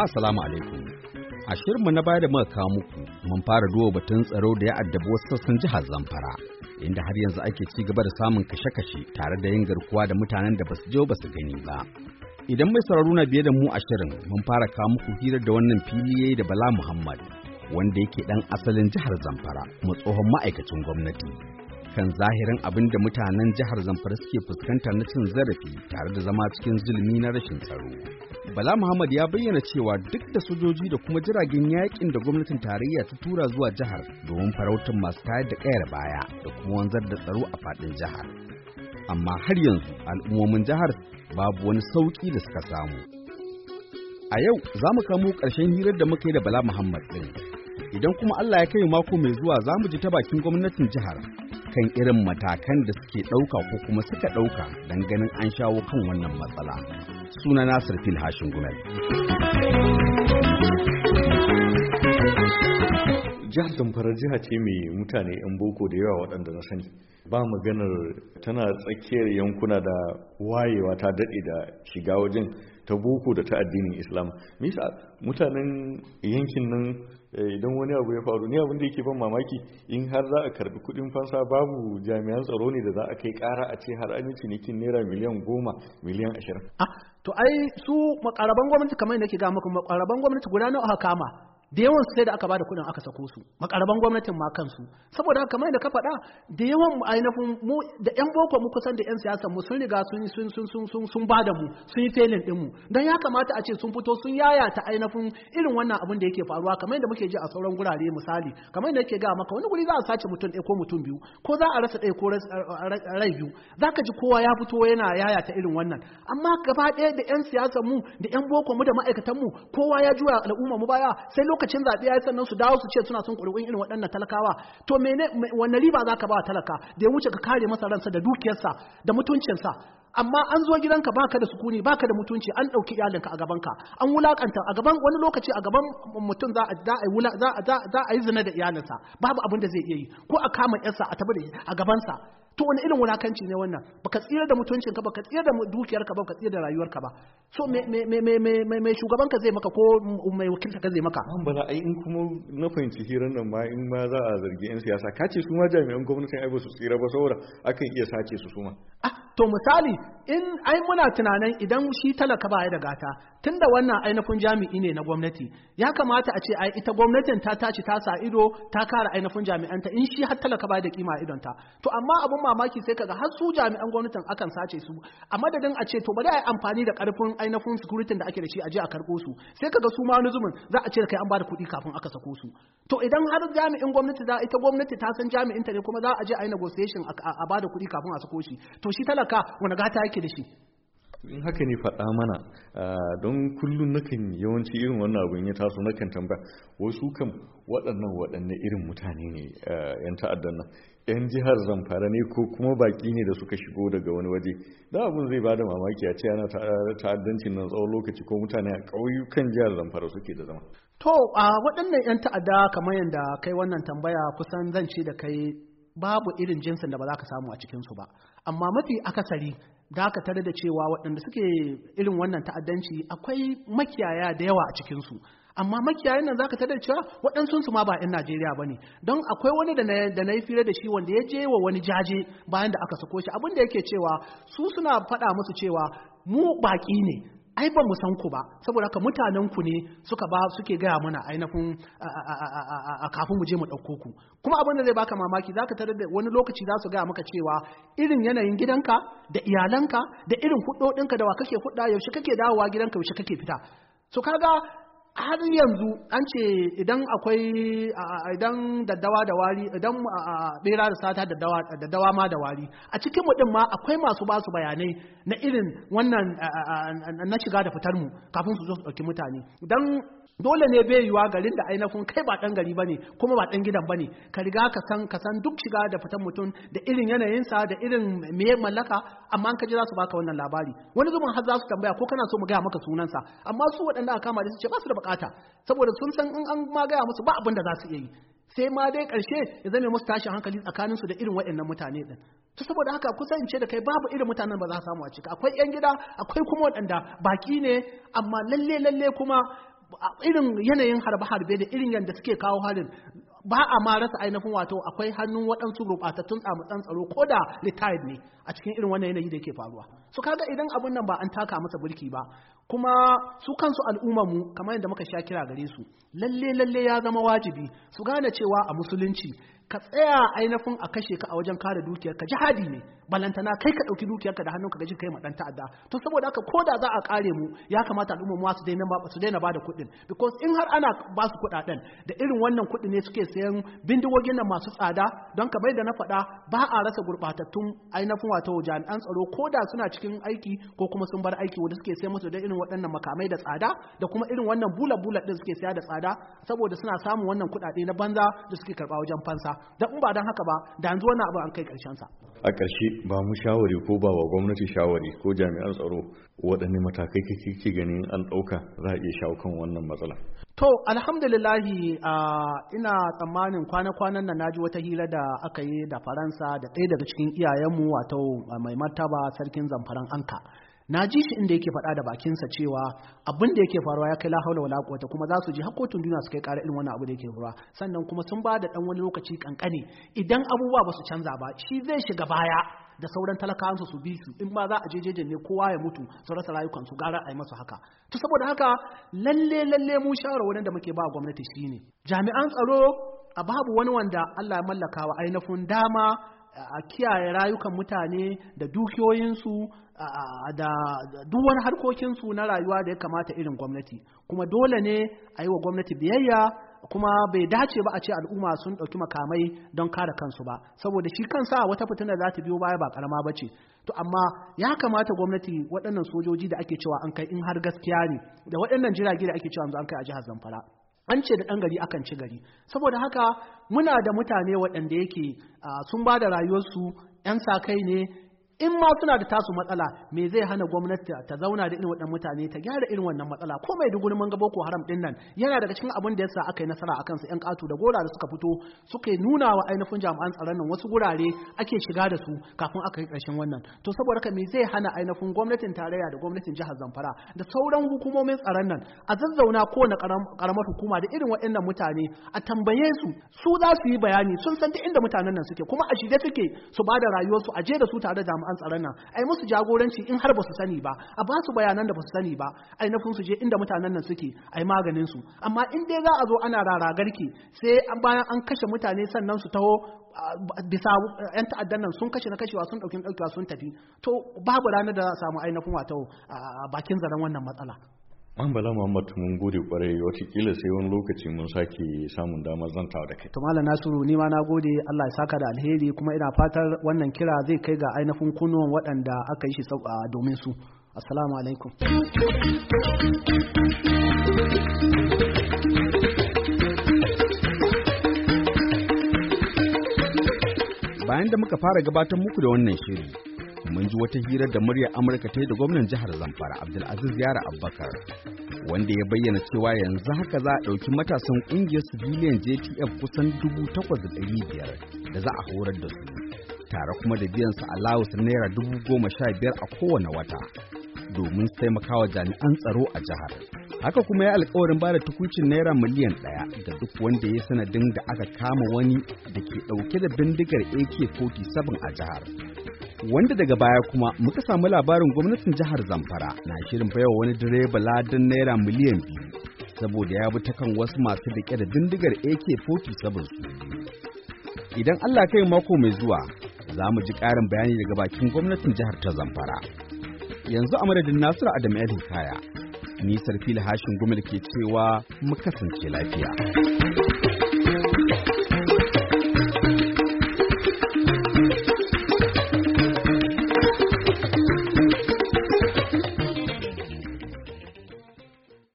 jama'a salamu alaikum. A shirinmu na baya da muka kawo muku mun fara duba batun tsaro da ya addabi wasu sassan jihar Zamfara inda har yanzu ake ci gaba da samun kashe-kashe tare da yin garkuwa da mutanen da basu je basu gani ba. Idan mai sauraro na biye da mu a shirin mun fara kawo muku hirar da wannan fili yayi da Bala Muhammad wanda yake dan asalin jihar Zamfara mu tsohon ma'aikacin gwamnati. kan zahirin abin da mutanen jihar Zamfara suke fuskanta na cin zarafi tare da zama cikin zulumi na rashin tsaro. Bala Muhammad ya bayyana cewa duk da sojoji da kuma jiragen yaƙin da gwamnatin tarayya ta tura zuwa jihar domin farautar masu tayar da kayar baya da kuma wanzar da tsaro a fadin jihar. Amma har yanzu al'ummomin jihar babu wani sauƙi da suka samu. A yau za mu kamo karshen hirar da muka yi da Bala Muhammad ɗin. Idan kuma Allah ya kai mako mai zuwa za mu ji ta bakin gwamnatin jihar kan irin matakan da suke ɗauka ko kuma suka ɗauka don ganin an shawo kan wannan matsala. suna Nasir Fil Hashin Gumel. Jihar Zamfara jiha ce mai mutane 'yan boko da yawa waɗanda na sani. Ba maganar tana tsakiyar yankuna da wayewa ta daɗe da shiga wajen ta boko da ta addinin islam misa mutanen yankin nan eh, idan wani abu ya faru ni abin da yake ban mamaki in har za a karbi kudin fansa babu jami'an tsaro ne da za a kai kara a ce har an ne kin naira miliyan goma miliyan ashirin ah, to ai su makaraban gwamnati kamar yadda ke ga muku makaraban gwamnati guda nawa aka kama da yawan sai da aka bada kuɗin aka sako su makaraban gwamnatin ma kansu saboda kamar yadda ka faɗa da yawan ainihin mu da yan boko mu kusan da yan siyasa mu sun riga sun sun sun sun sun sun bada mu sun yi felin din mu dan ya kamata a ce sun fito sun yayata ainihin irin wannan abin da yake faruwa kamar yadda muke ji a sauran gurare misali kamar yadda yake ga maka wani guri za a sace mutum ɗaya ko mutum biyu ko za a rasa ɗaya ko rai biyu zaka ji kowa ya fito yana yayata irin wannan amma gaba ɗaya da yan siyasa mu da yan boko mu da ma'aikatan mu kowa ya juya al'umma mu baya sai lokacin lokacin zaɓe ya yi sannan su dawo su ce suna son ƙuri'un irin waɗannan talakawa to mene wanne riba za ka ba talaka da ya wuce ka kare masa ransa da dukiyarsa da mutuncinsa amma an zo gidanka ka da sukuni baka da mutunci an ɗauki iyalinka a gabanka an wulakanta a gaban wani lokaci a gaban mutum za a yi zina da iyalinsa babu abin da zai iya yi ko a kama yarsa a tabbata da a gabansa to wani irin wulakanci ne wannan baka tsira da mutuncin ka baka tsira da dukiyar ka baka tsira da rayuwarka ba so me shugaban ka zai maka ko mai wakilta ka zai maka an bala ai in kuma na fahimci hirar nan ma in ma za a zargi yan siyasa ka ce su ma jami'an gwamnatin ai ba su tsira ba saboda akan iya sace su suma ah to misali in ai muna tunanin idan shi talaka ba da gata tunda wannan ainihin jami'i ne na gwamnati ya kamata a ce ai ita gwamnatin ta tashi ta sa ido ta kara ainihin jami'anta in shi har talaka ba da kima idon ta to amma abun mamaki sai kaga har su jami'an gwamnatin akan sace su a madadin a ce to bari ai amfani da karfin ainihin security da ake da shi a je a karɓo su sai kaga su ma wani zumin za a ce kai an bada kuɗi kafin aka sako su to idan har jami'in gwamnati za ita gwamnati ta san jami'in ta ne kuma za a je a yi negotiation a bada kuɗi kafin a sako shi to shi talaka haka wani gata yake da shi in haka ne faɗa mana don kullum nakan yawanci irin wannan abin ya taso nakan tambaya wasu kam waɗannan waɗanne irin mutane ne yan ta'addan nan yan jihar zamfara ne ko kuma baki ne da suka shigo daga wani waje da abin zai bada mamaki a ce ana ta'addancin nan tsawon lokaci ko mutane a ƙauyukan jihar zamfara suke da zama to a waɗannan yan ta'adda kamar yadda kai wannan tambaya kusan zan ce da kai babu irin jinsin da ba za ka samu a cikinsu ba amma mafi akasari da aka tare da cewa waɗanda suke irin wannan ta'addanci akwai makiyaya da yawa a cikinsu amma makiyayan nan zaka tare da cewa waɗansu sun ma ba 'yan Najeriya ba ne. don akwai wani da na yi fira da shi wanda ya je wa wani jaje bayan da aka sako shi abin da yake cewa su suna faɗa musu cewa mu baƙi ne ai ba mu san ku ba saboda haka mutanen ku ne suka ba suke gaya mana ainihin kafin mu je mu ɗauko ku kuma abin da zai baka mamaki zaka tarar da wani lokaci za su gaya maka cewa irin yanayin gidanka da iyalanka da irin hudodinka da wa kake hudda yaushe kake dawowa gidanka yaushe kake fita so kaga har yanzu an ce idan akwai idan daddawa da wari idan bera da sata daddawa ma da wari a cikin mu ma akwai masu ba bayanai na irin wannan na shiga da fitar mu kafin su zo su ɗauki mutane dan dole ne bai yiwa garin da ainihin kai ba ɗan gari bane kuma ba ɗan gidan bane ka riga ka san ka san duk shiga da fitan mutum da irin sa da irin me mallaka amma an ka ji za su baka wannan labari wani zuman har za su tambaya ko kana so mu gaya maka sunansa amma su waɗanda aka kama da su ce ba su da bukata saboda sun san in an ma gaya musu ba abin da za su iya yi sai ma dai ƙarshe ya zame musu tashin hankali tsakanin su da irin waɗannan mutane din to saboda haka ce da kai babu irin mutanen ba za su samu a cika akwai yan gida akwai kuma waɗanda baki ne amma lalle lalle kuma irin yanayin harbe harbe da irin yanda suke kawo harin ba a ma rasa ainihin wato akwai hannun waɗansu gurɓatattun tsamutsan tsaro ko da retired ne a cikin irin wannan yanayi da yake faruwa su kaga idan abun nan ba an taka masa burki ba kuma su kansu al'umma mu kamar yadda muka sha kira gare su lalle lalle ya zama wajibi su gane cewa a musulunci ka tsaya ainihin a kashe ka a wajen kare dukiyarka jihadi ne balantana kai ka ɗauki dukiyarka da hannunka gaji kai maɗan ta'adda to saboda haka ko da za a kare mu ya kamata al'umma mu su daina su daina ba da kuɗin because in har ana ba su kuɗaɗen da irin wannan kuɗi ne suke sayan bindigogin nan masu tsada don ka bai da na faɗa ba a rasa gurɓatattun ainihin wato jami'an tsaro ko da suna cikin aiki ko kuma sun bar aiki wanda suke sayan musu da irin waɗannan makamai da tsada da kuma irin wannan bula-bula ɗin suke saya da tsada saboda suna samun wannan kuɗaɗe na banza da suke karɓa wajen fansa da in ba dan haka ba da yanzu wannan abu an kai karshen sa a ƙarshe ba mu shawari ko ba wa gwamnati shawari ko jami'an tsaro waɗanne matakai kake ganin an ɗauka za a iya shawo kan wannan matsala To alhamdulillahi ina tsammanin kwana-kwanan nan naji wata hira da aka yi da Faransa da ɗaya daga cikin iyayenmu wato mai martaba sarkin zamfaran anka na ji shi inda yake faɗa da bakinsa cewa abin da yake faruwa ya kai la haula wala quwwata kuma za su ji har kotun duniya su kai ƙara irin wannan abu da yake faruwa sannan kuma sun ba da dan wani lokaci kankane idan abubuwa ba su canza ba shi zai shiga baya da sauran talakawan su bi su in ba za a je jejejen ne kowa ya mutu su rasa rayukan su gara a yi masa haka to saboda haka lalle lalle mu shawarwarin da muke ba gwamnati shine jami'an tsaro a babu wani wanda Allah ya mallaka wa ainihin dama a kiyaye rayukan mutane da dukiyoyinsu da duk wani harkokin su na rayuwa da ya kamata irin gwamnati kuma dole ne a yi wa gwamnati biyayya kuma bai dace ba a ce al'umma sun ɗauki makamai don kare kansu ba saboda shi kansa wata fitina za ta biyo baya ba karama ba ce to amma ya kamata gwamnati waɗannan sojoji da ake cewa an kai in har gaskiya ne da waɗannan jirage da ake cewa an kai a jihar zamfara an ce da ɗan gari akan ci gari saboda haka muna da mutane waɗanda yake sun ba da rayuwarsu 'yan sa kai ne in ma suna da tasu matsala me zai hana gwamnati ta zauna da irin waɗannan mutane ta gyara irin wannan matsala ko mai duguri mun ga boko haram din nan yana daga cikin abin da yasa aka yi nasara akan su yan katu da gora da suka fito suka nuna wa ainihin jami'an tsaron nan wasu gurare ake shiga da su kafin aka yi ƙarshen wannan to saboda haka me zai hana ainihin gwamnatin tarayya da gwamnatin jihar Zamfara da sauran hukumomin tsaron nan a zazzauna ko na karamar hukuma da irin waɗannan mutane a tambaye su su za su yi bayani sun san duk inda mutanen nan suke kuma a shirye suke su ba da rayuwarsu a je da su tare da jami'an an tsaron nan ai musu jagoranci in har ba su sani ba a ba su bayanan da ba su sani ba ai nufin su je inda mutanen nan suke ai maganin su amma in dai za a zo ana raragarki sai bayan an kashe mutane sannan su taho bisa yan ta'addan nan sun kashe na kashewa sun dauki daukewa sun tafi to babu ranar da za a samu ainihin wato bakin zaren wannan matsala An bala Muhammad mun gode kwarai watakila sai wani lokaci mun sake samun damar zanta da kai. Tumala Nasiru ni ma na gode Allah ya saka da alheri kuma ina fatar wannan kira zai kai ga ainihin kunuwan waɗanda aka yi shi ah, domin su. Assalamu alaikum. Bayan da muka fara gabatar muku da wannan shiri, mun ji wata hira da muryar Amurka ta yi da gwamnan jihar Zamfara Abdulaziz Yara Abubakar, wanda ya bayyana cewa yanzu haka za a ɗauki matasan ƙungiyar civilian JTF kusan dubu takwas da biyar da za a horar da su tare kuma da biyan su allowance naira dubu goma sha biyar a kowane wata domin taimakawa jami'an tsaro a jihar. Haka kuma ya alkawarin ba da tukucin naira miliyan ɗaya ga duk wanda ya sanadin da aka kama wani da ke ɗauke da bindigar AK-47 a jihar. wanda daga baya kuma muka samu labarin gwamnatin jihar zamfara na shirin baiwa wani direba ladan naira miliyan biyu saboda ya bi ta kan wasu masu rike da bindigar ak-47 idan allah kai mako mai zuwa za mu ji ƙarin bayani daga bakin gwamnatin jihar ta zamfara yanzu a madadin nasiru adam el hikaya ni sarfila hashin gumil ke cewa mu kasance lafiya